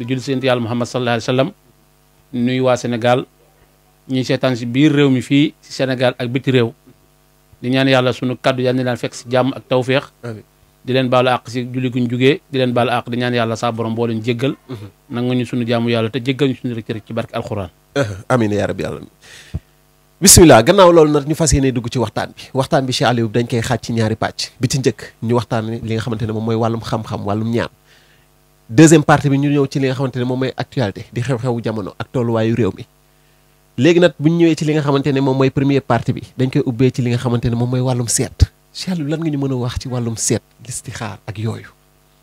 di julli si yonent yàlla Muhammad sallallahu alayhi wa sallam nuyu waa Sénégal ñuy seetaan si biir réew mi fii si Sénégal ak biti réew di ñaan yàlla sunu kaddu yàlla na leen fekk si jàmm ak tawféex di leen baalu àq si julli guñ jugee di leen baalu àq di ñaan yàlla saa borom boo leen jéggal mhm. nangu ñu sunu jàmm yàlla te jéggal ñu sunu rëcc ci barke alxuraan eh, amiin yaa rabbi yàlla bisimilah gannaaw loolu nag ñu fas yéene dugg ci waxtaan bi waxtaan bi Cheikh Aliou dañ koy xaaj ci ñaari pàcc bi ci njëkk ñu waxtaan li nga xamante ne moom mooy wàllum xam deuxième partie bi ñu ñëw ci li nga xamante ne moom mooy actualité di xew-xewu jamono ak tolluwaayu réew mi léegi nag bu ñu ñëwee ci li nga xamante ne moom mooy première partie bi dañ koy ubbee ci li nga xamante ne moom mooy wàllum seet Cheikh lan nga ñu mën a wax ci wàllum seet listixaar ak yooyu.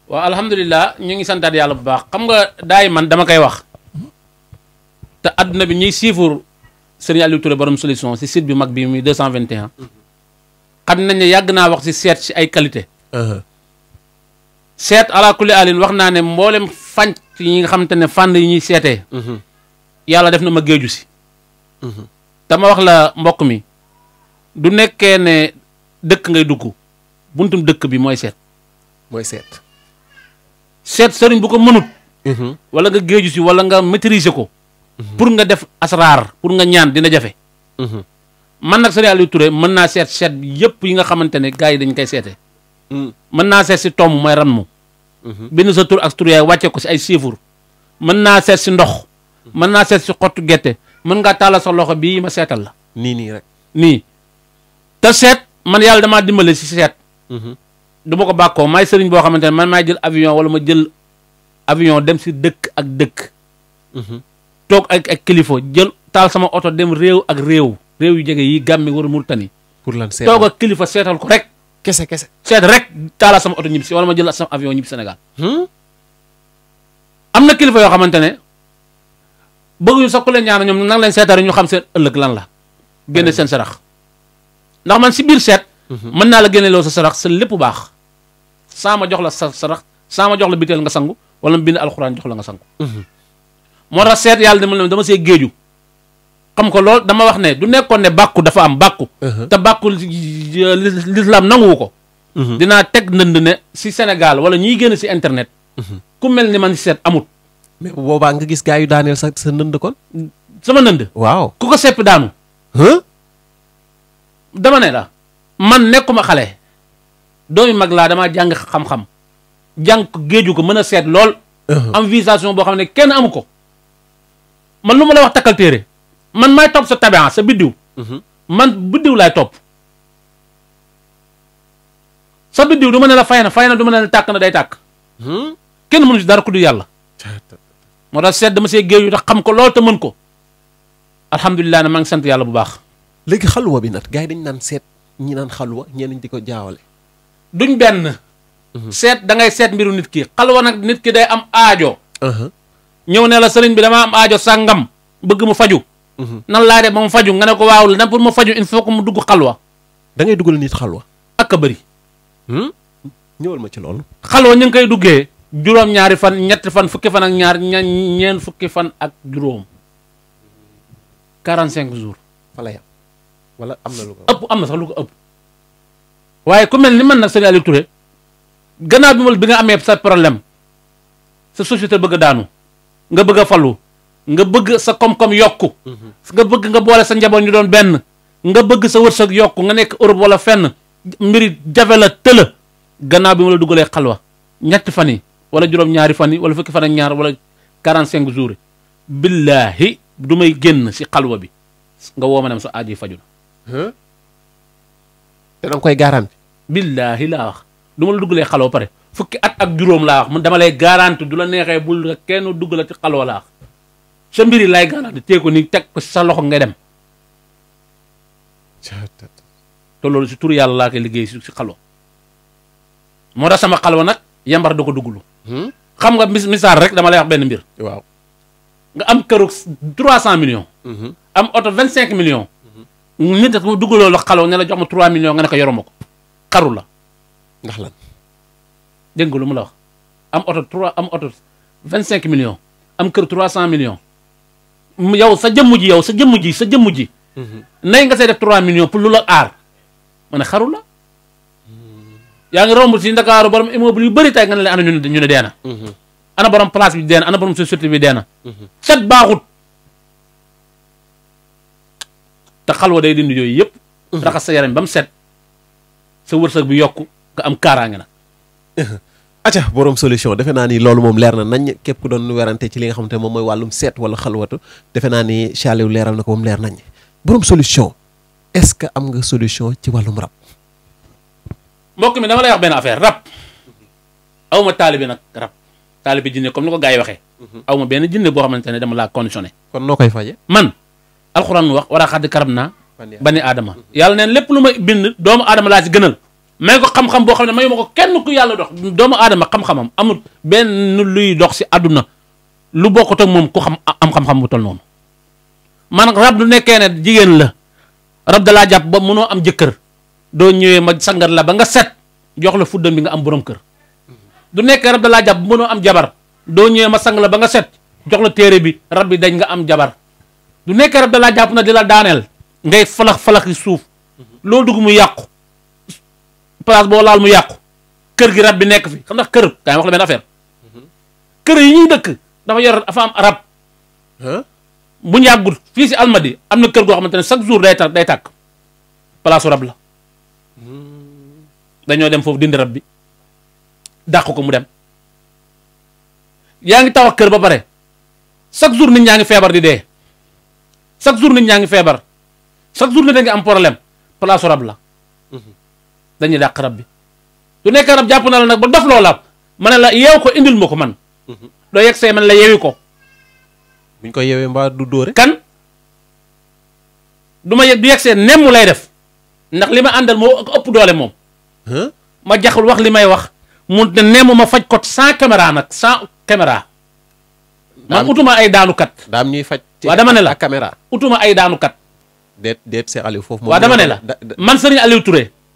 waaw alhamdulilah ñu ngi santaat yàlla bu baax xam nga daay man dama koy wax te adduna bi ñuy siifur sëriñ Aliou Touré borom solution si site bi mag bi muy 221. xam nañ ne yàgg naa wax si seet si ay qualité uh-huh. seet ala kulli alin wax naa ne mboolem fànn yi nga xamante ne fànn yi ñuy seetee. Mhm. yàlla def na ma géeju si. dama mhm. wax la mbokk mi du nekkee ne dëkk ngay dugg buntum dëkk bi mooy seet. mooy seet. seet sëriñ bu ko mënut. Mhm. wala nga géeju si wala nga maîtriser ko. pour nga def asraar pour nga ñaan dina jafe. man nag sëriñ Aliou Touré mën naa seet seet yëpp yi nga xamante ne gars yi dañ koy seete mën naa seet si tomb mooy ran mu mhm. bind sa tur ak tur yaay wàcce ko si ay chiffres mën naa seet si ndox mhm. mën naa seet si xottu gerte mën ngaa tàllal sa loxo bii ma seetal la nii nii rek nii te seet man yàlla damaa dimbale si seet mhm. du ko bàkkoo may sëriñ boo xamante ne man maay jël avion wala ma jël avion dem si dëkk ak dëkk toog ak ak kilifa jël taal sama oto dem réew ak réew réew yu jege yi gàmmi war Murtani pour lan seet toog ak kilifa seetal ko rek kese kese seet rek taala sama oto ñibbi si wala ma jël avion ñibbi Sénégal. Hmm? am na kilifa yoo xamante ne bëgguñu sax ku leen ñaan ñoom nan leen seetaare ñu xam seen ëllëg lan la. génne seen sarax ndax man si biir seet. Mhm. mën naa la génne loo sa sarax sa lépp baax. saa ma jox la sa sarax saa ma jox la biteel nga sangu wala mu bind alxuraan jox la nga sangu. Mhm. moo tax seet yàlla dama dama see géeju. xam ko lool dama wax ne du nekkoon ne bàkku dafa am bàkku uh-huh. te bàkku l'islam nanguwu ko uh-huh. dinaa teg nënd ne si Sénégal wala ñuy génn si internet uh-huh. ku mel ni man seet amut mais boobaa nga gis gaa yu daaneel sa sa ndënd sama ndënd waaw ku ko seppi daanu dama ne la man nekkuma xale doomi mag laa damaa jàng xam-xam jàng géeju ko mën a seet lool am vision boo xam ne kenn amu ko man lu ma la wax takkal téere man may topp sa tabia sa biddiw mhm. man biddiw laay topp sa biddiw du ma ne la fay na fay na du ne la tàkk na day tàkk mhm. kenn mënu si dara ku yàlla moo tax seet dama see géew xam ko lool te mën ko alhamdulilah ne maa sant yàlla bu baax léegi xalwa bi nag gars dañ naan seet ñi naan xalwa nañ di ko jaawale duñ benn mhm. seet dangay seet mbiru nit ki xalwa nag nit ki day am aajo uh-huh. ñëw ne la sëriñ bi dama am aajo sàngam bëgg mu faju nan laa def ba mu faju nga ne ko waaw la na pour ma faju il faut que mu dugg xalwa da ngay dugal nit xalwa ak a bëri hmm? ñëwal ma ci loolu xalwa ñu ngi koy duggee juróom-ñaari fan ñetti fan fukki fan ak ñaar ña ñeen fukki fan ak juróom quarante cinq jours wala am na lu ko ëpp am na sax lu ko ëpp waaye ku mel ni man nag Serigne Aliou Touré gannaaw bi mal bi nga amee sa problème sa société bëgg a daanu nga bëgg a falu nga bëgg sa koom-koom yokku nga bëgg nga boole sa njaboot ñu doon benn nga bëgg sa wër wërsëg yokku nga nekk Europe wala fenn mbiri jafe la tëla gannaaw bi ma la dugalee xalwa ñetti fan yi wala juróom-ñaari yi wala fukki fan ñaar wala quarante cinq jours yi du may génn si xalwa bi nga woo ma dem sa aaj yi faju na te danga koy garanti billaahi laa wax du ma dugg dugalee xalwa pare fukki at ak juróom laa wax man dama lay garanti du la neexee bul kenn dugg la ci xalwa laa wax sa mbiri lay garanti tee ko ni teg ko sa loxo nga dem te loolu si tur yàlla laa koy liggéey si si moo tax sama xalwa nag yamba da ko dugglu hmm? xam nga mis misaal rek dama lay wax benn mbir waaw nga am këru trois cent millions hmm. am oto vingt cinq millions hmm. nit a duggaloo la xalwa ne la jox ma trois millions nga ne ko yoroma ko la ndax dégg nga lu mu la wax am oto trois am oto vingt cinq million am kër trois cent million yow sa jëmm ji yow sa jëmm ji sa jëmm ji. Mhm. nay nga see def 3 millions pour lu la aar ma ne xaru la. yaa ngi romb si Ndakaaru borom immeuble yu bëri tay nga ne la ana ñu ne ñu ne dee na. Mhm. ana borom place bi dee na ana borom société bi dee na. cat mhm. baaxut. te xalwa day dindi yooyu yëpp. raxas sa yaram ba mu set sa wërsëg bi yokku nga am kaaraange na. aca borom solution defe naa ni loolu moom leer na nañ képp doon werante ci li nga xamante ne moom mooy wàllum seet wala xalwatu defe naa ni Saliou leeral na ko moom leer nañ borom solution ce que am nga solution ci wàllum rab. mbokk mi dama lay wax benn affaire rab aw ma taalibi nag rab taalibi jinne comme ni ko gars yi waxee. Mhm. aw ma benn jinne boo xamante ne dama laa conditionné. kon noo koy faje man alxuraan wax war a xadd karab naa. bani aadama yàlla neen lépp lu ma bind doomu aadama laa ci gënal. may ko xam-xam boo xam ne mayu ma ko kenn ku yàlla dox doomu aadama xam-xamam amul benn luy dox si àdduna lu bokkut ak moom ku xam am xam-xam bu tol noonu man rab du nekkee ne jigéen la rab dalaa jàpp ba mënoo am jëkkër doo ñëwee ma sangal la ba nga set jox la fuddan bi nga am borom kër du nekkee rab dalaa jàpp mënoo am jabar doo ñëwee ma sang la ba nga set jox la téere bi rab bi dañ nga am jabar du nekkee rab dalaa jàpp na di la daaneel ngay falax falaxi suuf loo dugg mu yàqu place boo laal mu yàqu kër gi rab bi nekk fi xam ndax kër daa wax la benn affaire kër yi ñuy dëkk dafa yor dafa am rab bu ñu yàggul fii si almadi am na kër goo xamante ne chaque jour day tàkk day tàkk place rab la hmm. dañoo dem foofu dindi rab bi dàq ko mu dem yaa ngi taw ak kër ba pare chaque jour nit ñaa ngi feebar di dee chaque jour nit ñaa ngi feebar chaque jour nit da nga am problème place rab la dañuy dàq rab bi su nekkee rab jàpp na la nag ba dof loola ma ne la yeew ko indil ma ko man mhm. doo yegg see man la yeewi ko buñ ko yeewee mbaa du dóore kan du ma yegg du yegg see lay def ndax li ma àndal moo ëpp doole moom ma jaxul wax li may wax mu ne nemm ma faj ko sans caméra nag sans caméra man utuma ay daanukat daam ñuy faj waa dama ne caméra utuma ay daanukat deet deet Cheikh Aliou foofu moom waa dama ne la man Serigne Aliou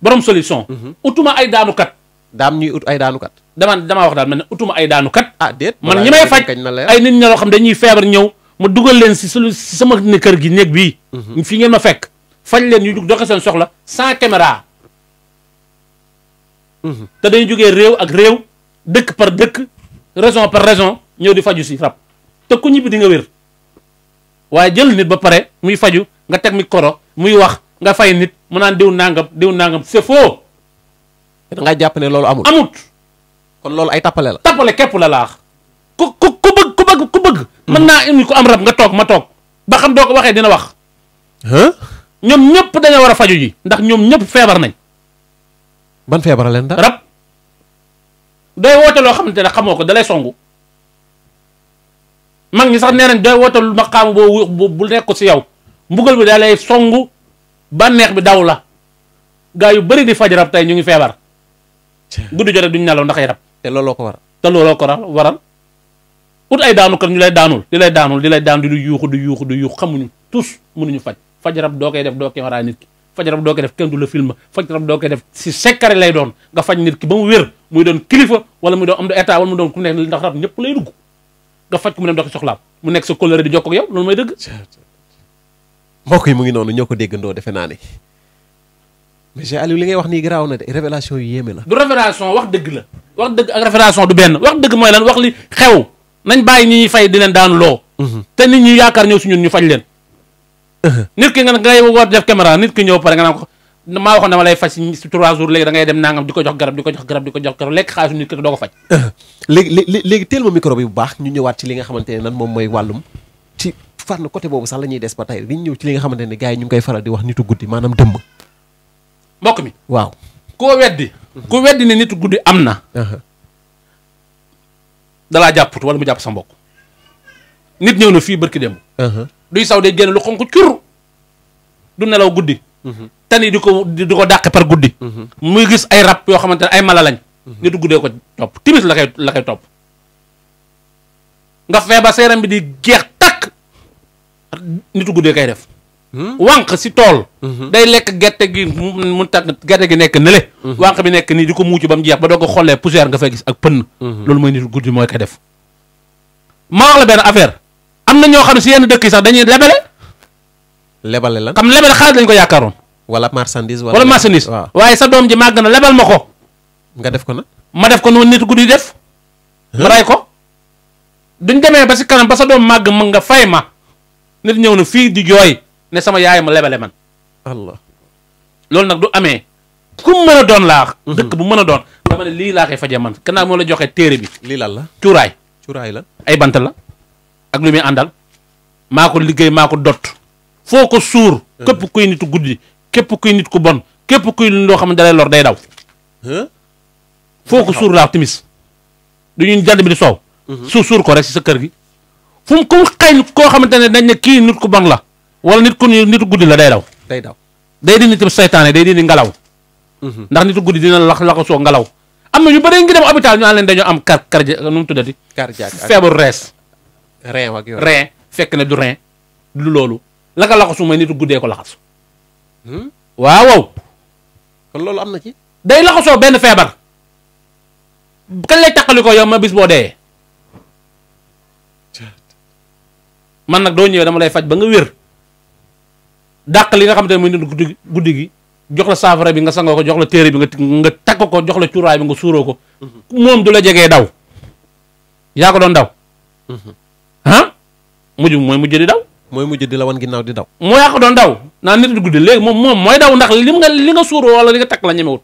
borom solution. Mhm. utuma ay daanukat. daam ñuy ut ay daanukat. damaa damaa wax daal man utuma ay daanukat. ah déet man ñi may faj ay nit ñoo xam dañuy feebar ñëw. ma dugal leen si sama ne kër gi néeg bi mhm. fii ngeen ma fekk. faj leen ñu doxe seen soxla sans caméra. Mhm. te dañuy jóge réew ak réew. dëkk par dëkk. raison par raison ñëw di faju si rab. te ku ñibbi di nga wér. waaye jël nit ba pare muy faju nga teg mi koro muy wax. nga fay nit mu naan diw nangam diw nangam c'est faux. da jàpp ne loolu amul amut. kon loolu ay tappale la. tappale képp la laax. ku ku ku bëgg ku bëgg ku bëgg. Hmm. mën naa indi ko am rab nga toog ma toog ba xam doo ko waxee dina wax. ñoom ñëpp dañoo war a faju yi ndax ñoom ñëpp feebar nañ. ban feebar leen da rab doy woote loo xamante ne xamoo ko dalay songu. mag ñi sax nee nañ doy woote ma xaamu boo bu nekkul si yow mbugal bi dalay songu bànneex bi daw la gaa yu bëri di faj rab tey ñu ngi feebar. guddi jotee duñ nelaw ndax ay rab. te looloo ko waral te looloo ko waral ut ay daanu kat ñu lay daanul di lay daanul di lay daan di du yuuxu du yuuxu du yuuxu xamuñu tous mënuñu faj faj rab doo koy def doo koy waraa nit doo koy def kenn du la film faj rab doo koy def si sekkare lay doon nga faj nit ki ba mu wér muy doon kilifa wala muy doon am du état wala mu doon ku nekk ndax rab ñëpp lay dugg nga faj mu dem doxi soxlaam mu nekk sa kóllëre di jokkoo ak yow loolu mooy dëgg mbokk yi mu ngi noonu ñoo ko déggandoo defe naa ne li ngay wax nii garaaw na de révélation yu yéeme la. wax dëgg la wax dëgg ak révélation du wax dëgg mooy lan wax xew nañ bàyyi ñi fay di leen daanu loo. Mhm. te nit ñi yaakaar ñëw ñun ñu faj leen. Mhm. nit ki nga ngay war def caméra nit ki ñëw pare nga naan ko maa waxoon dama lay faj si trois jours léegi da ngay dem ko jox garab di ko jox garab di mhm. léegi teel ma bu baax ñu ñëwaat ci li nga xamante ne nan moom mooy wàllum ci farlu côté boobu sax la ñuy des ba tey dañuy ñëw ci li nga xamante ne yi ñu ngi faral di wax nitu guddi maanaam dëmm. mbokk mi waaw. koo weddi. Mhm. ku weddi ne nitu guddi am na. Uh-huh. dalaa jàpput mu jàpp sa mbokk. nit ñëw fii barki démb. Uh-huh. duy saw day génn lu xonk cur. du nelaw guddi. Uh-huh. tani di ko di ko dàqe par guddi. muy gis ay rab yoo xamante ay mala lañ. nitu guddee ko topp timis la koy la koy topp. nga feebar sa yaram bi di jeex nitu guddee kay def. Hmm? wànq si tool. Hmm. day lekk gerte gi mu ta gerte gi nekk nële. Hmm. wànq bi nekk nii di ko muucu ba mu jeex ba doo ko xoolee poussière nga fay gis ak pënn. loolu mooy nitu guddi mooy koy def. ma wax la affaire am na ñoo xam ne si yenn dëkk sax dañuy lebale. lebale lan xam lebale xaalis lañ ko yaakaaroon. wala marchandise wala marchandise. waaye sa doom ji màgg na lebal ma ko. nga def ko nag. ma def ko noonu nitu guddi def. ma demee ba si kanam ba sa doom màgg ma nga fay ma. nit ñëw na fii di jooy ne sama yaay ma lebale man. loolu nag du amee. ku mën a doon laax. Mhm. dëkk bu mën a doon. lii laa koy fajee man gannaaw moo la joxe téere bi. lii lan la cuuraay. cuuraay la ay bant la. ak lu muy àndal. maa ko liggéey maa ko dott. foo ko suur. Mhm. képp kuy nit guddi. képp kuy nit ku bon. képp kuy loo xam ne dalay lor day daw. foo ko suur laax timis du ñu jant bi di soow. Mhm. suur ko rek si sa kër gi. fu mu ku xëy koo xamante ne dañ ne kii nit ku ban la wala nit ku nitu guddi la day daw. day daw day di nit seytaane day di ni ngelaw. Mhm. ndax nitu guddi dina la la ko soo ngelaw. am na ñu bëri ngi dem hôpital ñu naan leen dañoo am car car nu mu tuddati. cardiaque feebaru rees. rein ak yooyu rein fekk na du rein du loolu la ko laxasu mooy nit guddee ko laxas. Hmm? waaw waaw. kon loolu am na ci. day laxasoo benn feebar. kañ lay taqali ko yow ma bis boo dee. man nag doo ñëwee dama lay faj ba nga wér dàq li nga xam te ne muy nit guddi guddi gi jox la saafara bi nga sangoo ko jox la téere bi nga nga takk ko jox la cuuraay bi nga suuroo ko mm-hmm. moom du la jegee daw yaa ko doon daw mm-hmm. ah mujj mooy mujj di daw mooy mujj di la wan ginnaaw di daw moo yaa ko doon daw naa nit di guddi léegi moom moom mooy daw ndax li nga li nga suuroo wala li nga takk la ñemewut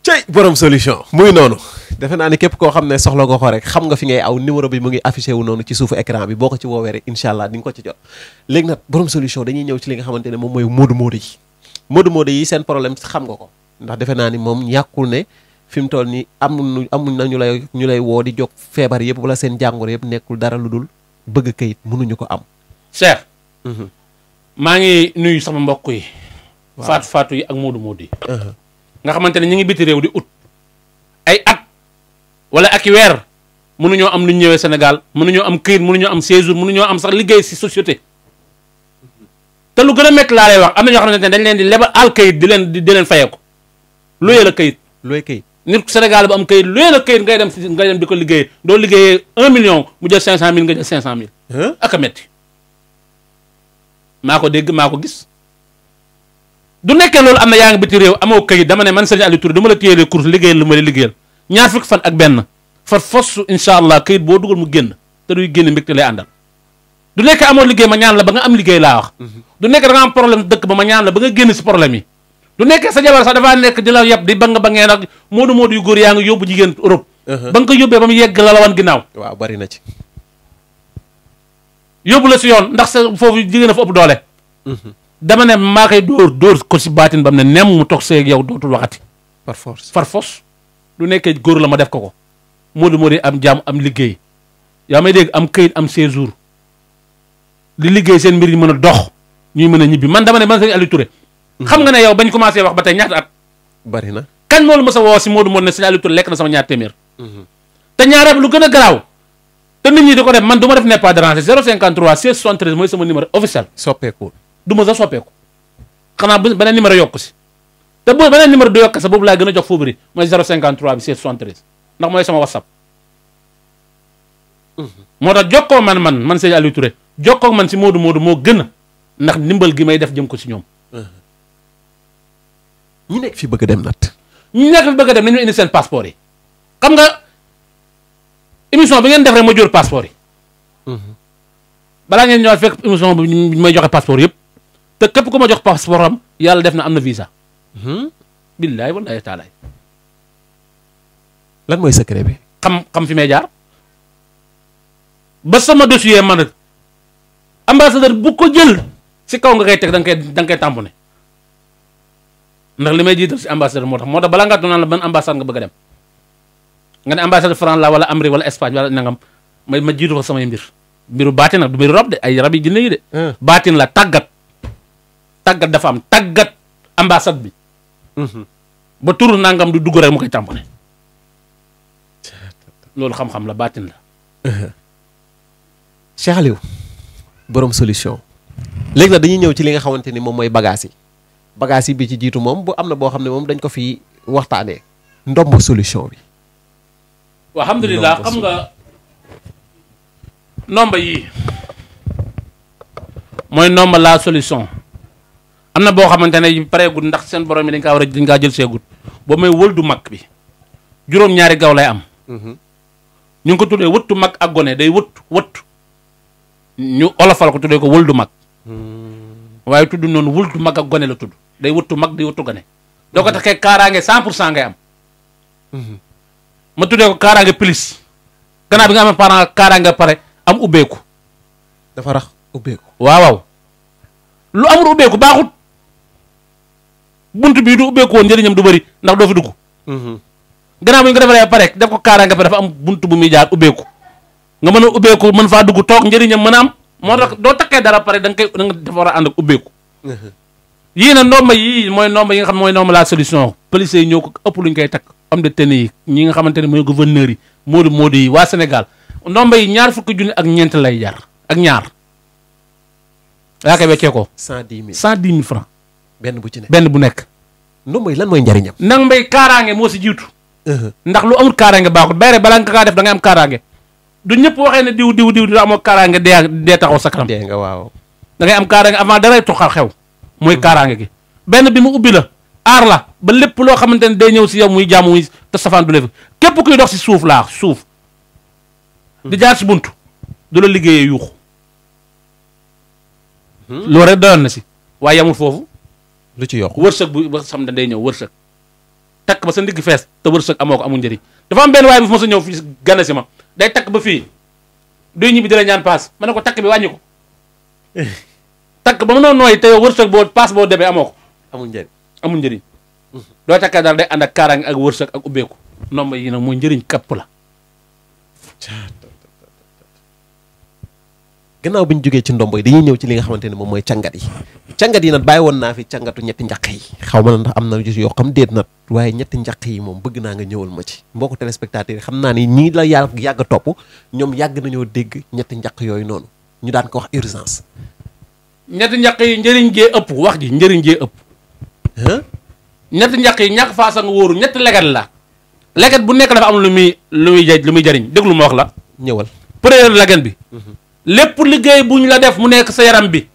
cey borom solution muy noonu defe naa ni képp koo xam ne soxla nga ko rek xam nga fi ngay aw numéro bi mu ngi affiché wu noonu ci suufu écran bi boo ko ci woowee rek incha allah ko ci jot léegi nag borom solution dañuy ñëw ci li nga xamante ne moom mooy moodu moodu yi moodu moodu yi seen problème xam nga ko ndax defe naa ni moom ñàkkul ne fi mu toll nii amuñu amuñ na ñu lay ñu lay woo di jóg feebar yëpp wala seen jàngoro yëpp nekkul dara lu dul bëgg kayit mënuñu ko am Cheikh mhm. maa ngi nuyu sama mbokk yi faatu faatu yi ak moodu moodu yi uh-huh. nga xamante ne ñu ngi biti réew di ut ay at wala ak i weer ñoo am lu ñu ñëwee Sénégal mënuñoo am këyit mënuñoo am séjour mënuñoo am sax liggéey si société te lu gën a métti laa lay wax am na ñoo xamante ne dañ leen di lebal al këyit di leen di leen fayeeku looyee la këyit. looy këyit nit Sénégal bu am këyit looyee la këyit ngay dem ngay dem di ko liggéeyee doo liggéeyee 1 million mu jël 500000 nga jël 500000. ak a métti maa ko dégg maa ko gis. du nekkee loolu am na yaa ngi biti réew amoo këyit dama ne man Serigne Aliou Touré du ma la téyelee course liggéeyal lu ma la liggéeyal ñaar fukki fan ak benn far allah këyit boo dugal mu génn te duy génn mbégte lay àndal du nekkee amoo liggéey ma ñaan ba nga am liggéey laa wax du nekkee da nga am problème dëkk ma ñaan ba nga génn si problème yi du nekkee sa jabar sax nekk di la yeb di ba nga ba ngee nag moodu yaa ngi yóbbu jigéen Europe uh-huh. ba nga ko yóbbee ba mu yegg la la wan ginnaaw waaw na ci yóbbu la si yoon ndax sa foofu jigéen a fa ëpp doole uh-huh. dama ne maa koy dóor dóor ko si baatin ba mu ne nem mu toog seeg yow dootul waxati. par force par force lu nekkee góor la ma def ko ko. moo du Modou Modou am jaam am liggéey yaa may dégg am këyit am séjour li liggéey seen mbir yi mën a dox ñuy mën a ñibbi man dama ne man sëñ Aliou Touré. Mhm. xam nga ne yow bañ commencé wax ba tey ñaata at. bari na kan moolu ma sa woo si Modou Modou ne sëñ Aliou Touré lekk na sama ñaar téeméer. Mhm. te ñaareelu lu gën a garaaw. te nit ñi di ko def man du du ma sax soppeeku xanaa ba beneen numéro yokku si te bu beneen numéro du yokk sa boobu laa gën a jox foofu rek mooy 053 bi 773 ndax mooy sama whatsapp. Mhm. moo tax jokkoo man man man sëñ Aliou Touré jokkoo man si Modou Modou moo gën ndax ndimbal gi may def jëm ko si ñoom. Mhm. ñu nekk fi bëgg dem nat ñu nekk fi dem nañu indi seen passeport yi xam nga émission bi ngeen def ma jur passeport yi. Mhm. balaa ngeen ñëwaat fekk émission bi may joxe passeport yëpp. te képp ku ma jox passeport am yàlla def na am na visa. Hmm? billaay wallaay taalaay. lan mooy secret bi. xam xam fi may jaar ba sama dossier man nag ambassadeur bu ko jël si kaw nga koy teg da nga koy da nga koy tamponné ndax li jiital si ambassadeur moo tax moo tax balaa ngaa doon naan la ban ambassade nga bëgg a dem nga ne ambassade France la wala Amérique wala Espagne wala nangam ma jiitu fa samay mbir mbiru baatin nag du mbiru rab de ay rab yi jinne yi de. Hmm. baatin tàggat. tàggat dafa am tàggat ambassade bi. Mhm. ba turu nangam du dugg rek mu koy tàmbale. loolu xam-xam la baatin la. Cheikh Aliou solution. léegi nag dañuy ñëw ci li nga xamante ni moom mooy bagages yi. bagages yi bi ci jiitu moom bu am na boo xam ne moom dañ ko fi waxtaanee. ndomb solution bi. waaw xam nga. nomba yii. mooy nomba la solution. am na boo xamante ne pareegul ndax seen borom yi dañ kaa war a dañ kaa jël seegut ba may wëldu mag bi juróom-ñaari gaw lay am. Mhm. ñu ngi ko tuddee wëttu mag ak gone day wëttu wëttu ñu olofal ko tuddee ko mag. Mhm. waaye tudd noonu wëldu mag gone la tudd day wëttu mag day wëttu gone. doo ko mhm. taxee kaaraange 100 pour cent ngay am. ma tuddee ko kaaraange plus gannaaw bi nga amee parent kaaraange pare am ubbeeku. dafa rax ubbeeku. waaw lu amul ubbeeku baaxut. bunt bii du ubbeeku woon njëriñam du bëri ndax doo fi dugg mhm. gannaaw bu ñu ko defaree pare def ko kaaraange ba dafa am bunt bu muy jaar ubbeeku nga mën a ubbeeku mën faa dugg toog njëriñam mën am moo tax doo takkee dara pare da nga koy da war a ànd ak ubbeeku mhm. yii na ndomba yii mooy ndomba yi nga xam mooy ndomba la solution police yi ñoo ko ëpp lu ñu koy takk am de tenn yi ñi nga xamante ne mooy gouverneur yi moo moodu moodu yi waa Sénégal ndomba yi ñaar fukki junni ak ñeent lay jar ak ñaar yaa ko cent cent dix mille francs benn bu ci nekk benn bu nekk. nu mooy lan mooy njariñam. nag mbay kaaraange moo si jiitu. Uh-huh. ndax lu amul kaaraange baaxul bayre balaa nga def da ngay am kaaraange. du ñëpp waxee ne diw diw diw dina amoo kaaraange dee dee sa kanam. dee nga waaw. da ngay am kaaraange avant daray toxal xew. mooy uh-huh. kaaraange gi benn bi mu ubbi la. aar la ba lépp loo xamante ne day ñëw si yow muy jàmm muy te safaan du la fi képp kuy dox si suuf laa suuf. di jaar si bunt du la liggéeyee yuuxu. Hmm. loolu rek doyoon na si waaye yamul foofu. lu ci yokk wërsëg bu ba xam ne day ñëw wërsëg takk ba sa ndigg fees te wërsëg amoo ko amul njëriñ dafa am benn waaye bu fi mos a ñëw fii gane si ma day takk ba fii duy ñibbi dina ñaan paas ma ne ko takk bi wàññi ko takk ba mu noonu nooy te wërsëg boo paas boo demee amoo ko amul njëriñ amul njëriñ mm-hmm. doo takkee daal day ànd ak ak wërsëg ak ubbeeku nomba yi nag mooy njëriñ kapp la gannaaw bi ñu jógee ci ndombo yi dañuy ñëw ci li nga xamante ne moom mooy cangat yi cangat yi nag bàyyi woon naa fi cangatu ñetti njaq yi xaw ma na ndax am na yoo xam déet nag waaye ñetti njaq yi moom bëgg naa nga ñëwal ma ci mbokku téléspectateur yi xam naa ni ñii la yàgg yàgg topp ñoom yàgg nañoo dégg ñetti njaq yooyu noonu ñu daan ko wax urgence ñetti njaq yi njëriñ gee ëpp wax ji njëriñ gee ëpp ñetti njaq yi ñàkk faa sang wóoru ñetti leget la leget bu nekk dafa am lu muy lu muy lu muy jëriñ déglu ma wax la ñëwal première leget bi mhm. lépp liggéey bu ñu la def mu nekk sa yaram bi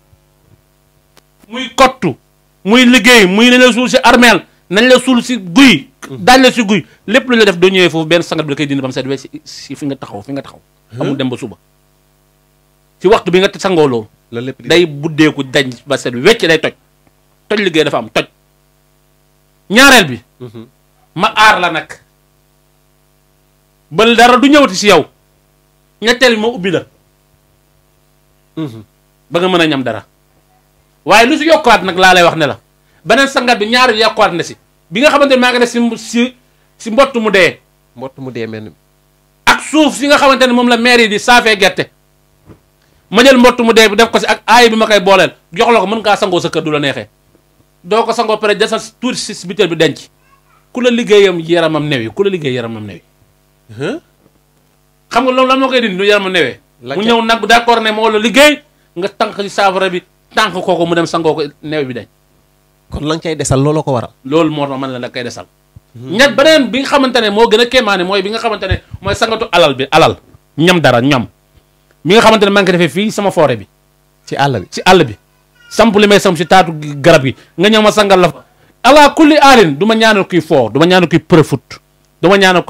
muy kottu muy liggéey muy nañ la suul si armeel nañ la suul si guy daaj la si guy lépp lu ñu la def doo ñëwee foofu benn sangat bi da koy dindi ba mu set wecc fi nga taxaw fi nga taxaw amul dem ba suba si waxtu bi nga sangoo loolu day buddeeku dañ ba set wecc day toj toj liggéey dafa am toj ñaareel bi ma aar la nag ba dara du ñëwati si yow ñetteel bi ma ubbi la Mhm. ba nga mën a ñam dara waaye lu si yokkuwaat nag laa lay wax ne la beneen sangat bi ñaari yokkuwaat na si bi nga xamante ne maa ngi ne si si si mbott mu dee mbott mu dee mel ak suuf si nga xamante ne moom la maire di saafee gerte ma jël mbott mu dee bi def ko si ak aay bi ma koy booleel jox la ko mën ngaa sangoo sa kër du la neexee doo ko sangoo pare desal tuuti si butéel bi denc ku la liggéeyam yaramam new yi ku la liggéey yaramam new yi xam nga loolu lan koy dindi du yaramam mu ñëw nag d'accord ne moo la liggéey nga tànq ci saafara bi tànq kooku mu dem sangoo ko neew bi dañ. kon la nga cay desal looloo ko waral. loolu moo tax man la nga koy desal. Hmm. ñett beneen bi nga xamante ne moo gën a kéemaane mooy bi nga xamante ne mooy sangatu alal bi alal ñam dara ñam mi nga xamante ne maa ngi defee fii sama foore bi. si àll bi si àll bi. samp li may samp ci taatu garab yi nga ñëw ma sangal la fa. ala kulli aalin du ma ñaanal kuy foo du ma ñaanal kuy përëfut du ma ñaanal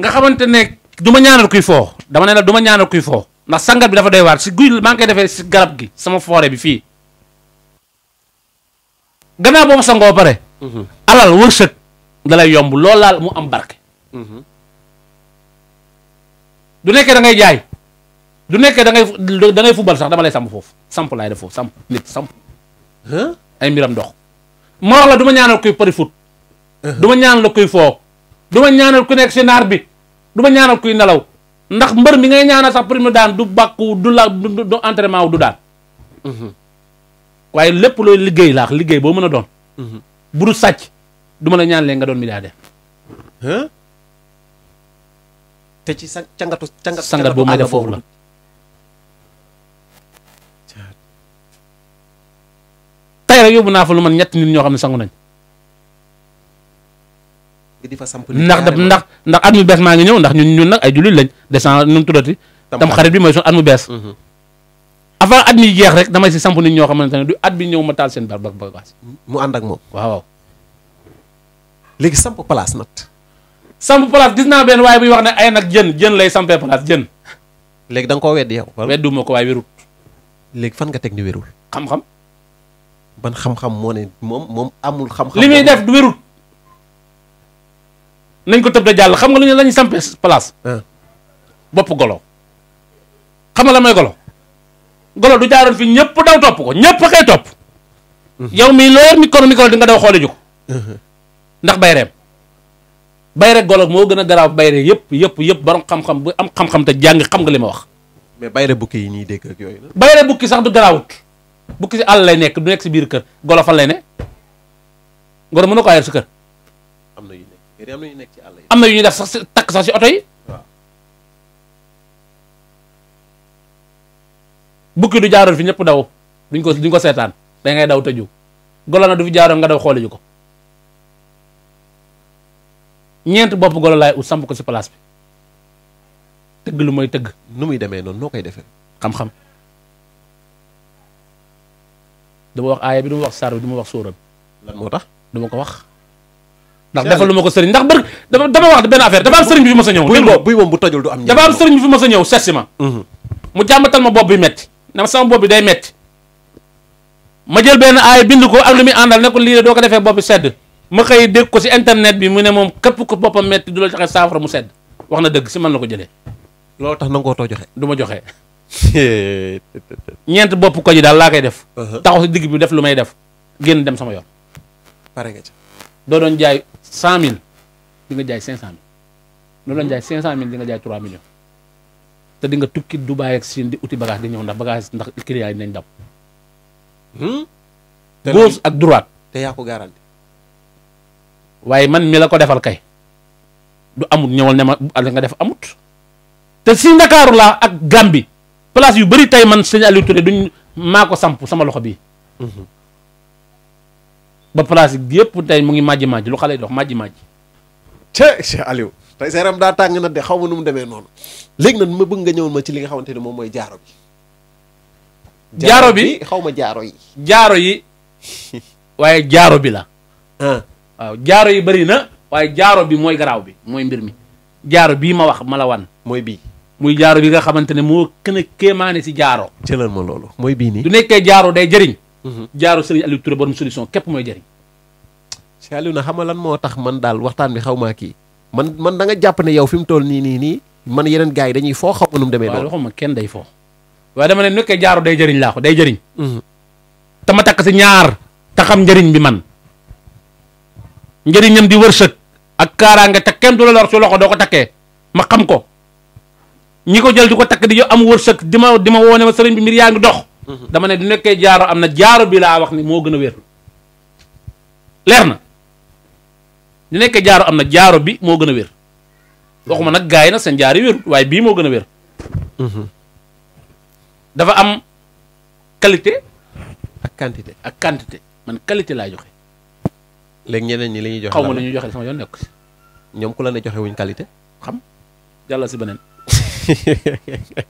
xamante ne du ma ñaana kuy foo dama ne la du ma ñaanal kuy foo ndax sangat bi dafa doy waar si guy maa ngi koy defee si garab gi sama foore bi fii gannaaw boobu sangoo pare. Mm-hmm. alal wërsëg da lay yomb loolu laal mu am barke. Mm-hmm. du nekkee da jaay du nekkee da ngay da ngay fubal sax dama lay samp foofu samp laay def foofu samp nit samp. ay mbiram dox. ma wax la du ma ñaanal kuy pari foot. Uh-huh. du ma ñaanal kuy foo. du ma ñaanal ku nekk si naar bi. du ma ñaanal kuy nelaw ndax mbër mi ngay ñaanal sax pour daan du bàkku du la du du entraînement wu du daan. Mhm. waaye lépp looy liggéey laax liggéey boo mën a doon. Mhm. bu dul sàcc du ma la ñaan nga doon milliardaire. te ci sa cangatu cangatu sangat boobu may def foofu la. tey yóbbu naa fa lu man ñetti nit ñoo xam ne sangu nañ. di fa samp ndax ndax ndax at mu bees maa ngi ñëw ndax ñun ñun nag ay mu mm-hmm. jeex rek damay si samp nit ñoo xamante ne du at bi ñëw ma taal seen bar ba bagaas mu ànd ak moom waaw léegi samp place nag samp place gis naa benn waaye buy wax ne ay nag jën jën lay sampee place jën léegi da nga koo weddi yow weddu ma ko waaye wérut léegi fan nga teg ni wérul xam-xam ban xam-xam moom amul xam-xam li muy def du wérut nañ ko tëb da jàll xam nga lu ñu lañu sampee place ah. bopp golo xam nga la may golo golo du jaaroon fi ñëpp daw topp ko ñëpp kay topp mm-hmm. yow mi loor mi kono mi kono di nga daw xoole ko mm-hmm. ndax bayreem bayre golo moo gën a garaaw bayre yëpp yëpp yëpp borom xam bu am xam-xam jàng xam li ma wax mais bayre bukki yi ñuy dégg ak yooyu bayre bukki sax du garaawut bukki si àll lay nekk du nekk si biir kër golo fan lay ne golo mën na ko ayer si kër am na ñu nekk ci àll am na yu ñuy def sax si takk sax si oto yi. bukki du jaaroon fi ñëpp daw duñ ko duñ ko seetaan da ngay daw tëju golo na du fi jaaroon nga daw xooli ju ko ñeent bopp golo laay ut samp ko si palaas bi tëgg lu mooy tëgg. nu muy demee noonu noo koy defee. xam-xam duma wax aaya bi duma wax saar bi duma wax sóora duma ko wax. ndax defal lu ma ko sëriñ ndax bër dama dama wax benn affaire dafa am sëriñ bi fi ma sa ñëw dégg nga buy moom bu ma sa mhm. ñëw mu jàmbatal ma bopp bi metti na sama bopp bi day metti ma jël benn aay bind ko ak lu muy àndal ne ko lii de doo ko defee bopp bi sedd ma xëy dégg ko si internet bi mu ne moom képp ko boppam metti du la joxe saafara mu sedd wax na dëgg si man la ko jëlee loolu tax nangoo too joxe du ma joxe ñeent bopp ko ji daal laa koy def uh-huh. taxaw si digg bi def lu may def génn dem sama yoon doo doon jaay cent mille di jaay cinq cent mille doo doon jaay cinq cent mille di nga jaay trois millions te di nga tukki Dubaay ak Chine di uti bagage di ñëw ndax bagage ndax client yi nañ daw. Hmm? te gauche ak droite. te yaa ko garanti. waaye man mi la ko defal kay du amut ñëwal ne ma li nga def amut te si Ndakaaru laa ak Gàmbi place yu bëri tey man sëñ Aliou Touré duñ maa ko samp sama loxo bii. Hmm. ba place yëpp tey mu ngi màjji màjji lu xale yi dox màjji màjji. te Cheikh Aliou tey sa daa tàng na de xaw ma nu mu demee noonu léegi nag ma bëgg nga ñëwal ma ci li nga xamante ne moom mooy jaaro bi. xaw ma jaaro yi. jaaro yi waaye jaaro bi la. Ah. jaaro yi bëri na. waaye jaaro bi mooy garaaw bi mooy mbir mi jaaro bii ma wax ma la wan. mooy bii muy jaaro bi nga xamante ne moo gën a kéemaane si jaaro. jëlal ma loolu mooy bii nii. du nekkee jaaro day jëriñ. jaaru Serigne Aliou Touré borom solution képp mooy jëriñ. Cheikh Aliou na xam nga lan moo tax man daal waxtaan bi xaw maa kii man man da jàpp ne yow fi mu toll nii nii nii man yeneen gars yi dañuy foo xaw ma nu mu demee. waaw kenn day foo. waaye dama ne nekkee jaaru day jëriñ laa ko day jëriñ. Mm-hmm. te ma takk si ñaar te xam njëriñ bi man njëriñam di wërsëg ak kaaraange te kenn du la lor su loxo doo ko takkee ma xam ko ñi ko jël di ko takk di am wërsëg di ma di ma woone ma sëriñ bi mbir yaa ngi Mhm. dama ne du nekkee jaaro am na jaaro bi laa wax ni moo gën a wér leer na du nekkee jaaro am na jaaro bi moo gën a wér waxuma nag gars yi nag seen jaar yi wérut waaye bii moo gën a wér mhm. dafa am qualité ak quantité ak quantité man qualité laay joxe léegi ñeneen ñi la ñuy joxe xaw ma la ñuy joxe sama yoon nekk si ñoom ku la ne joxe wuñ qualité xam jàllal si beneen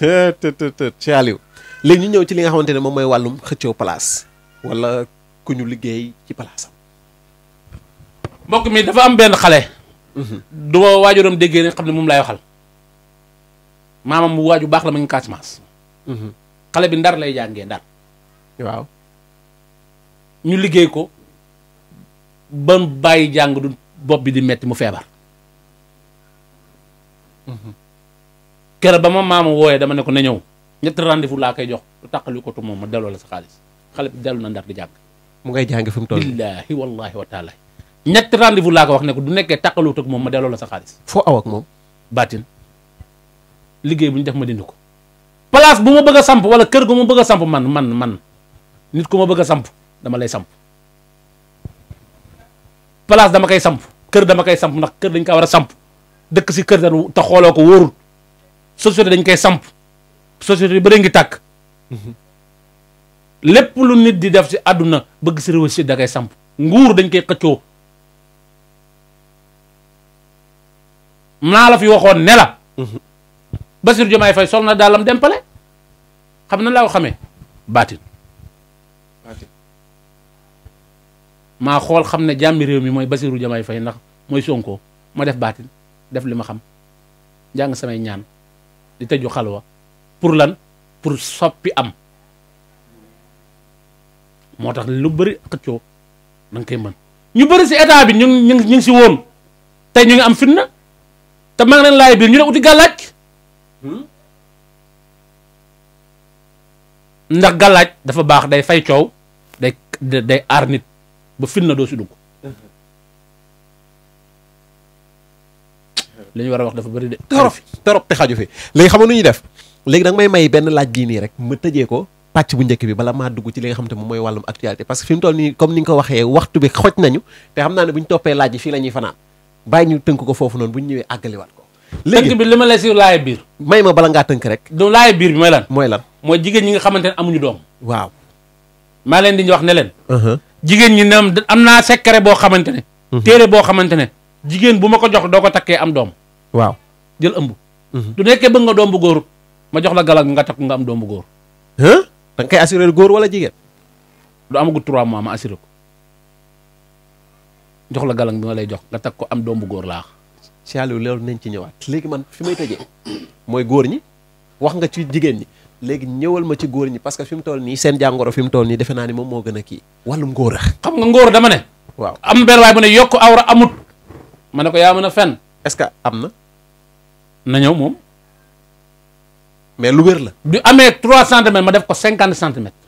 të të ci Aliou léegi ñu ñëw ci li nga xamante ne moom mooy wàllum xëccoo place wala ku ñu liggéey ci palaasam. mbokk mi dafa am benn xale. Mhm. du ma waajuram déggee ne xam ne moom lay waxal. maamam bu waaju baax la ma ngi Casamance. Mhm. xale bi ndar lay jàngee ndar. waaw. ñu liggéey ko ba bàyyi jàng du bopp bi di metti mu feebar. Mhm. kere ba ma maama wooyee dama ne ko na ñëw ñetti rendez fu laa koy jox lu tàqali ko tu moom ma delloo la sa xaalis xale bi dellu na ndar di jàng mu ngay jàng fi mu toll billaahi wallaahi wa taala ñetti rendez-vous laa ko wax ne ko du nekkee tàqaluwut ak moom ma delloo la sa xaalis foo aw ak moom baatin liggéey bu ñu def ma dindi ko place bu ma bëgg samp wala kër gu ma bëgg a samp man man man nit ku ma bëgg samp dama lay samp place dama koy samp kër dama koy samp ndax kër dañ ko war a samp dëkk si kër te xooloo ko wóorul société dañ koy samp société yu bëri ngi tàkk lépp lu nit di def ci àdduna bëgg si réussite da koy samp nguur dañ koy xëccoo naa la fi waxoon ne la Bassirou Diomaye sol na daalam dem pale xam na la ko xamee baatin maa xool xam ne jàmbi réew mi mooy Bassirou Diomaye Faye ndax mooy Sonko ma def baatin def li ma xam jàng samay ñaan di tëju xalwa pour lan pour soppi am moo tax lu bëri xëccoo da nga koy mën ñu bëri si état bi ñu ngi ñu ngi si woon te ñu ngi am fitna te maa ngi leen laay biir ñu ne uti gàllaaj hmm? ndax gàllaaj dafa baax day fay coow day day aar nit ba fitna doo si dugg lañu ñu war a wax dafa bëri de torop torop te xaju fi léegi xam nga nu ñuy def léegi da nga may benn laaj bii nii rek ma tëjee ko pàcc bu njëkk bi bala maa dugg ci li nga xam te moom mooy wàllum actualité parce que fi mu toll nii comme ni nga ko waxee waxtu bi xoj nañu te xam naa ne bu ñu toppee laaj yi fii la fanaan bàyyi ñu tënk ko foofu noonu bu ñu ñëwee àggaliwaat ko léegi tënk bi li ma lay si biir may ma bala ngaa tënk rek do laaye biir bi mooy lan mooy lan mooy jigéen ñi nga xamante ne amuñu doom waaw maa leen di ñu wax ne leen uh-huh. jigéen ñi ne am naa secret boo xamante ne uh-huh. téere boo xamante ne jigéen bu ma ko jox doo ko takkee am doom waaw jël ëmb mhm. du nekkee bëgg nga doom bu góor ma jox la galag nga takku nga am doom góor da nga koy assuré góor wala jigéen du amagu trois mois ma assuré ko jox la galang bi lay jox nga takk ko am doom bu góor laax Saliou loolu nañ ci ñëwaat léegi man fi may tëjee mooy góor ñi wax nga ci jigéen ñi léegi ñëwal ma ci góor ñi parce que fi mu toll nii seen jàngoro fi mu toll nii defe naa ni moom moo gën a kii wàllum ngóor a xam nga ngóor dama ne waaw am benn waay bu ne yokk awra amut ma ne ko yaa mën a fen est-ce que am na na ñëw moom. mais lu wér la. du amee 3 centimètres ma def ko cinquante centimètres.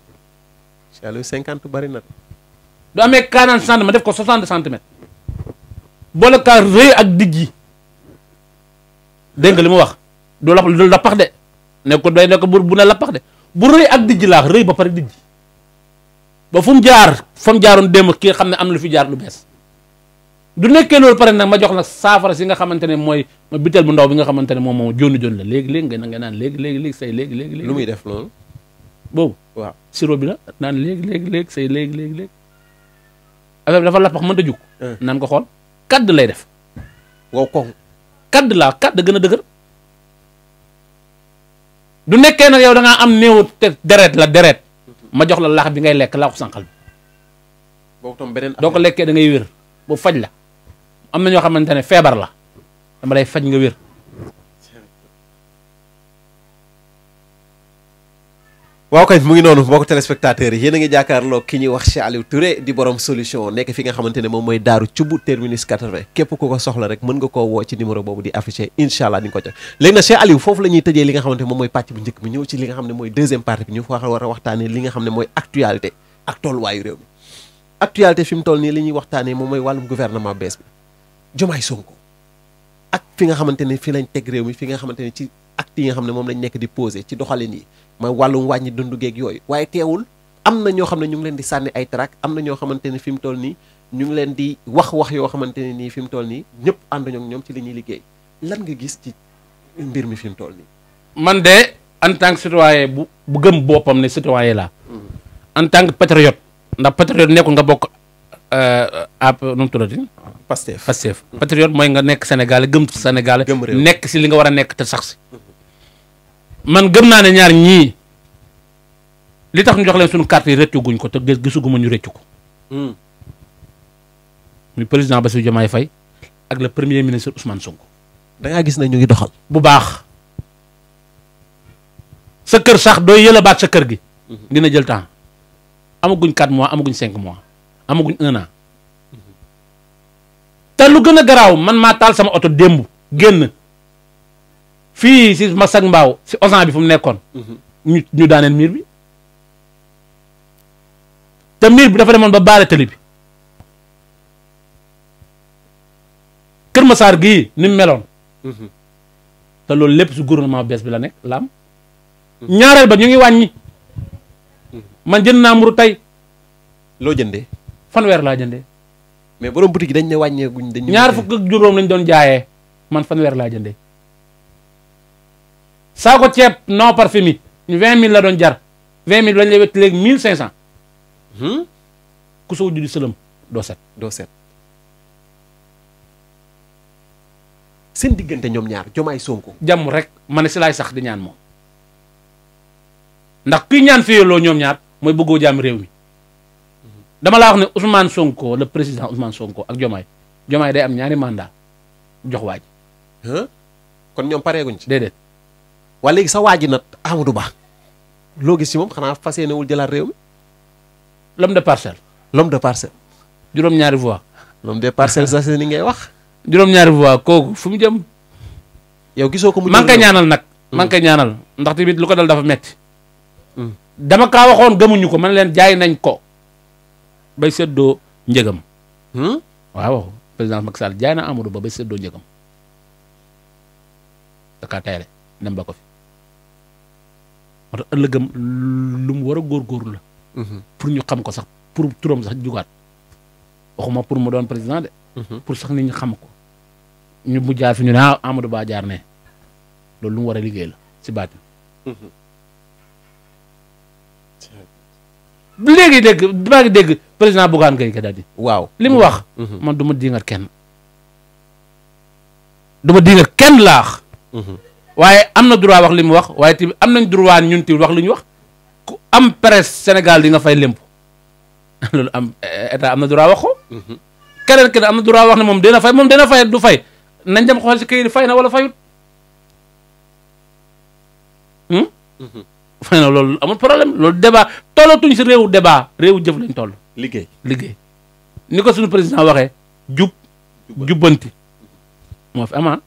allo 50 bari na. du amee 40 centimètres ma def ko 60 centimètres. boole ka rëy ak digg yi. dégg nga li mu wax. du la du la pax de nekkul day nekk bu ne la de bu rëy ak dijji laax rëy ba pare digg ba fu mu jaar fa mu jaaroon démb kii xam ne am na lu fi jaar lu bees. du nekkee loolu pare nag ma jox la saafara si nga xamante ne mooy bitel bu ndaw bi nga xamante ne moom moom jónni jónni la léegi léegi nga nga naan léegi léegi léegi say léegi léegi léegi lu muy def loolu boobu waaw sirop bi la naan léegi léegi léegi say léegi léegi léegi affaire bi dafa lappax mënta jug naan ko xool kadd lay def wow koŋ kadd laa kadd gën a dëgër du nekkee nag yow da ngaa am néew te deret la deret ma jox la laax bi ngay lekk laaxu sànqal bi boobu tam beneen doo ko lekkee da ngay wér boobu faj la am na ñoo xamante ne feebar la dama lay faj nga wér waaw kay mu ngi noonu mbokk téléspectateurs yi yéen a ngi jàkkaarloo ki ñuy wax Cheikh Aliou Touré di borom solution nekk fi nga xamante moom mooy daaru cubb terminus 80 képp ku ko soxla rek mën nga koo woo ci numéro boobu di affiché incha di nga ko jox léegi nag Cheikh Aliou foofu la ñuy tëjee li nga xamante ne moom mooy pàcc bu njëkk bi ñëw ci li nga xam ne mooy deuxième a ne mooy actualité ak tolluwaayu réew mi actualité fi mu toll nii li ñuy waxtaanee moom mooy wàllum gouvernement bees Jomaay Sonko ak fi nga xamante ni fi lañ teg réew mi fi nga xamante ne ci ak yi nga xam ne moom lañ nekk di posé ci doxalin yi mooy wàllum wàññi dundu geeg yooyu waaye teewul am na ñoo xam ne ñu ngi leen di sànni ay tract am na ñoo xamante ne fi mu toll nii ñu ngi leen di wax wax yoo xamante ne nii fi mu toll nii ñëpp ànduñu ak ñoom ci li ñuy liggéey lan nga gis ci mbir mi fi mu toll nii. man de en tant que bu bu gëm boppam ne citoyen la mm. en tant que patriote ndax patriote nekkul nga bokk. Euh, ab nu mu tuddati. Pastef Pastef. patriote mooy nga nekk Sénégal gëm Sénégal. nekk si li nga war a nekk te sax si. man gëm naa ne ñaar ñii li tax ñu jox leen suñu carte yi rëccu guñ ko te gisuguma ñu rëccu ko. Hmm. muy président Bassirou Diomaye fay ak le premier ministre Ousmane Sonko. da ngaa gis na ñu ngi doxal. bu baax sa kër sax dooy yëlabaat sa kër gi. Hmm. dina jël temps amaguñ 4 mois amaguñ 5 mois. amaguñ un an te lu gën a garaaw man maa taal sama oto démb génn fii si Massak Mbaaw si osan bi fu mu nekkoon. ñu ñu daaneel miir bi te miir bi dafa moon ba baare tali bi Kër Masaar gii ni mu meloon. te loolu lépp su gouvernement bees bi la nekk laam ñaareel ba ñu ngi man jënd naa mburu tey. loo jëndee. fanweer laa jëndee. mais borom boutique yi dañ ne wàññeekuñ dañ. ñaar fukk ak juróom lañ doon jaaye man fanweer laa jëndee saako ceeb non parfumé yi mille la doon jar vingt mille lañ lay wet léegi mille cinq cent. Hmm? ku soo juddi sëlëm doo set. doo set seen diggante ñoom ñaar jomaay Sonko. jàmm rek ma ne si laay sax di ñaan moom ndax kuy ñaan loo ñoom ñaar mooy bëggoo jàmm réew mi. dama laa wax ne Ousmane Sonko le président Ousmane Sonko ak Diomaye Diomaye day am ñaari mandat jox waaj. kon ñoom pareeguñ ci. déedéet. wala léegi sa waaj nag awutu baax loo gis ci moom xanaa fas yéenewul jëlaat réew mi. l'homme de parcelle. l'homme de parcelle. juróom-ñaari voix. l'homme de parcelle sa ni ngay wax. juróom-ñaari voix kooku fu mu jëm. yow gisoo ko mu man ka ñaanal nag. Hmm. man ka ñaanal ndax tamit lu ko dal dafa metti hmm. dama kaa waxoon gëmuñu ko man leen jaay nañ ko. bay seddoo njëgam. Hmm? waaw président Macky Sall jaay na Amadou Ba bay seddoo njëgam da kaa tayale dem ba ko fi moo tax ëllëgam lu mu war a góorgóorlu la. Hmm. pour ñu xam ko sax pour turam sax jugaat ma pour mu doon président de. Hmm. pour sax nit ñu xam ko. ñu mu jaar fi ñu ne ah, Amadou Ba jaar ne loolu lu mu war a liggéey la si baat léegi dégg maa ngi dégg président Bougane Gueye daal di. waaw li mu wax. Mhm. Mhm. man du ma diingat kenn. du ma kenn laax. Mhm. waaye am na droit wax li mu wax waaye tamit am nañ droit ñun wax li ñu wax am presse Sénégal di nga fay lémp loolu am eh, état am na droit wax ko. keneen keneen am na duraa wax ne moom dina fay moom dina fay du fay nañ dem xool ci këyit fay na wala fayut. Hmm? fay na loolu amul problème loolu débat tollatuñ si réewu débat réewu jëf lañ toll. liggéey liggéey ni ko suñu président waxe jub. jubbanti moo fi amaan ah.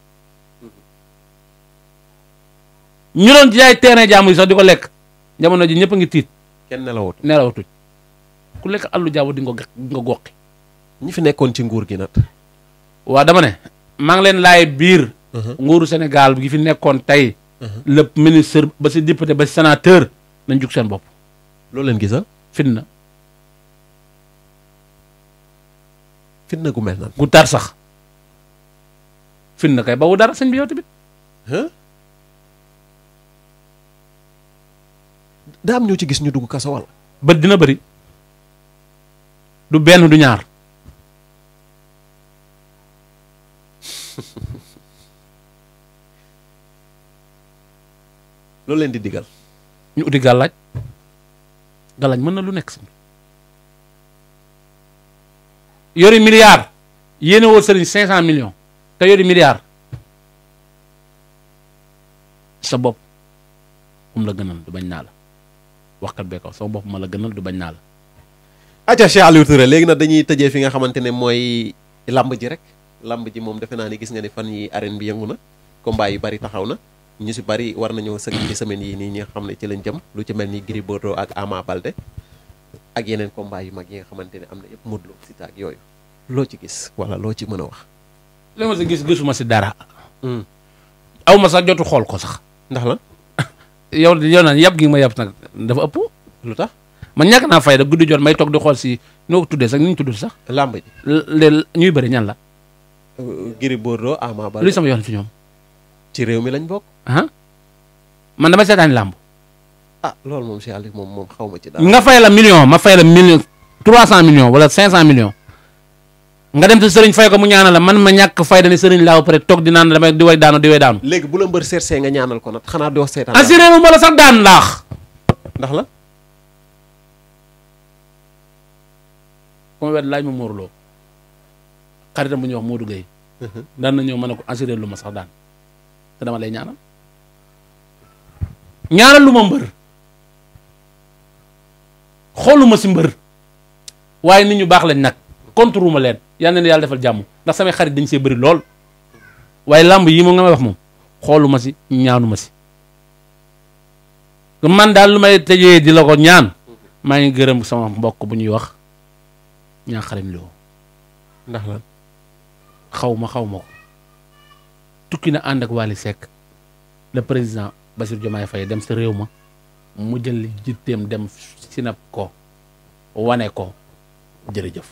ñu doon jaay terrain jaamu sax di ko lekk jamono ji ñëpp a ngi tiit. kenn nelawatu nelawatuñ ku lekk allu jaabu di nga ko ñi fi nekkoon ci nguur ki nag. waaw dama ne maa ngi leen laay biir. Uh-huh. nguuru Sénégal gi fi nekkoon tey. lépp ministre ba si député ba si sénateur nañ jug seen bopp. loolu leen gisal. Ah? fitna. fitna gu mel na gu tar sax. fitna kay bawu dara sëñ bi yow tamit. daa ñoo ci gis ñu dugg kaso bët dina bëri. du benn du ñaar. loolu leen di diggal ñu uti gàllaaj gàllaaj mën na lu nekk sëñ yori milliard yéene woo sëriñ cinq cent millions te yori milliard sa bopp moom la gënal du bañ naa waxkat bee kaw sama bopp ma la gënal du bañ naa la acca Cheikh Aliou léegi nag dañuy tëjee fi nga xamante ne mooy làmb ji rek làmb ji moom defe naa ni gis nga ni fan yi arène bi yëngu na combat yu bari taxaw na ñu si bari war nañoo sëgg ci semaine yi nii ñi nga xam ne ci lañ jëm lu ci mel ni Gris Bordeaux ak Ama Baldé ak yeneen combat yu mag yi nga xamante ne am na yëpp Modou Lo Siteu ak yooyu loo ci gis wala loo ci mën a wax. li ma si gis gisuma si dara. Hmm. aw ma sax jotu xool ko sax. ndax la yow yow naan yàpp gi ma yàpp nag dafa ëpp lu tax. man ñàkk naa fayda guddi jot may toog di xool si noo tuddee sax ni ñu tudd sax. làmb ji ñuy bëri ñan la. Gris Bordeaux Ama Baldé luy sama yoon ci ñoom. ci réew mi lañ bokk. ah man dama seetaan làmb. ah loolu moom si yàlla xaw ma ci nga fay la million ma fay la million trois cent millions wala cinq cent millions. nga dem te sëriñ fay ko mu ñaanal la man ma ñàkk fayda ni sëriñ laa ba pare toog di naan damay di way daanu di way daanu. léegi bu la mbër seetsee nga ñaanal ko nag xanaa doo seetaan. assuré wu ma la sax daan laax. ndax bu ñuy wax Modou daan na ma ne ko assuré lu ma sax daan. te dama lay ñaanal ñaanal lu ma mbër xooluma si mbër waaye nit ñu baax lañ nag contre wu ma leen yal yàlla defal jàmm ndax samay xarit dañ see bëri lool waaye làmb yii moom nga may wax moom xooluma si ñaanuma si man daal lu may tëjee di la ko ñaan maa ngi gërëm sama mbokk bu ñuy wax ñaa xarim loo ndax lan xaw ma xaw ma ko tukki na ànd ak Wally Seck le président Bassirou Diomaye Faye dem sa réew ma mu jël li jitteem dem sinab ko wane ko jërëjëf.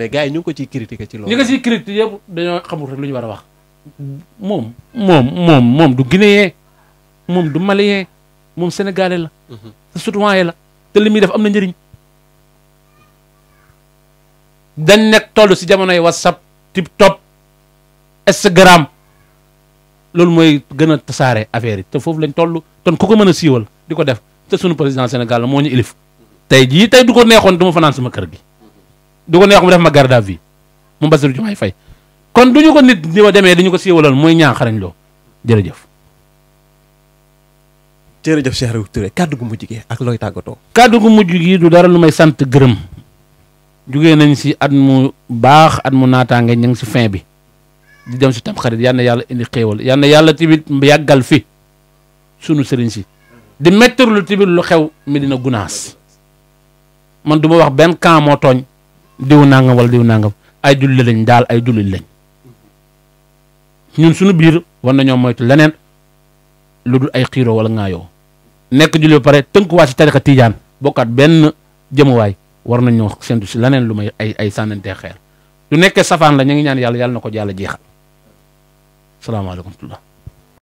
mais gars yi ñu ko ciy ci loolu. ñi ko ciy critiqué lu ñu war a wax. moom moom moom moom du guinéen moom du malien moom sénégalais la. Mhm. te soudanais la te def am na njëriñ. dañ nekk toll si jamonoy whatsapp tip Instagram. loolu mooy gën a tasaare affaire yi te foofu lañ toll kon ku ko mën a siiwal di ko def te sunu président Sénégal la moo ñu ilif tey jii tey du ko neexoon du ma fanaan sama kër gi du ko neexoon mu def ma garde à vue mu Bassirou Diomaye Faye kon du ñu ko nit ñi ma demee dañu ko siiwaloon mooy ñaa xarañ loo jërëjëf. jërëjëf Cheikh Rew Touré kàddu gu mu gi ak looy tàggatoo. kàddu ko mujj gi du dara lu may sant gërëm jugee nañ si at mu baax at mu naataange ñu ngi si fin bi. di dem si tam xarit yal na yàlla indi xéewal yal na yàlla tamit yàggal fi sunu sëriñ si di mettre lu tamit lu xew Medina Gunaas man du ma wax benn camp moo tooñ diw nangam wala diw nangam ay julli lañ daal ay julli lañ ñun sunu biir war nañoo moytu leneen lu du ay xiiroo wala ŋaayoo nekk julli ba pare tënkuwaay si tarixa tiijaan bokkaat benn jëmuwaay war na nañoo séntu si leneen lu may ay ay sànnante xeer du nekkee safaan la ñu ngi ñaan yàlla yàlla na ko yàlla jeexal. salaamaaleykum wa rahmatulah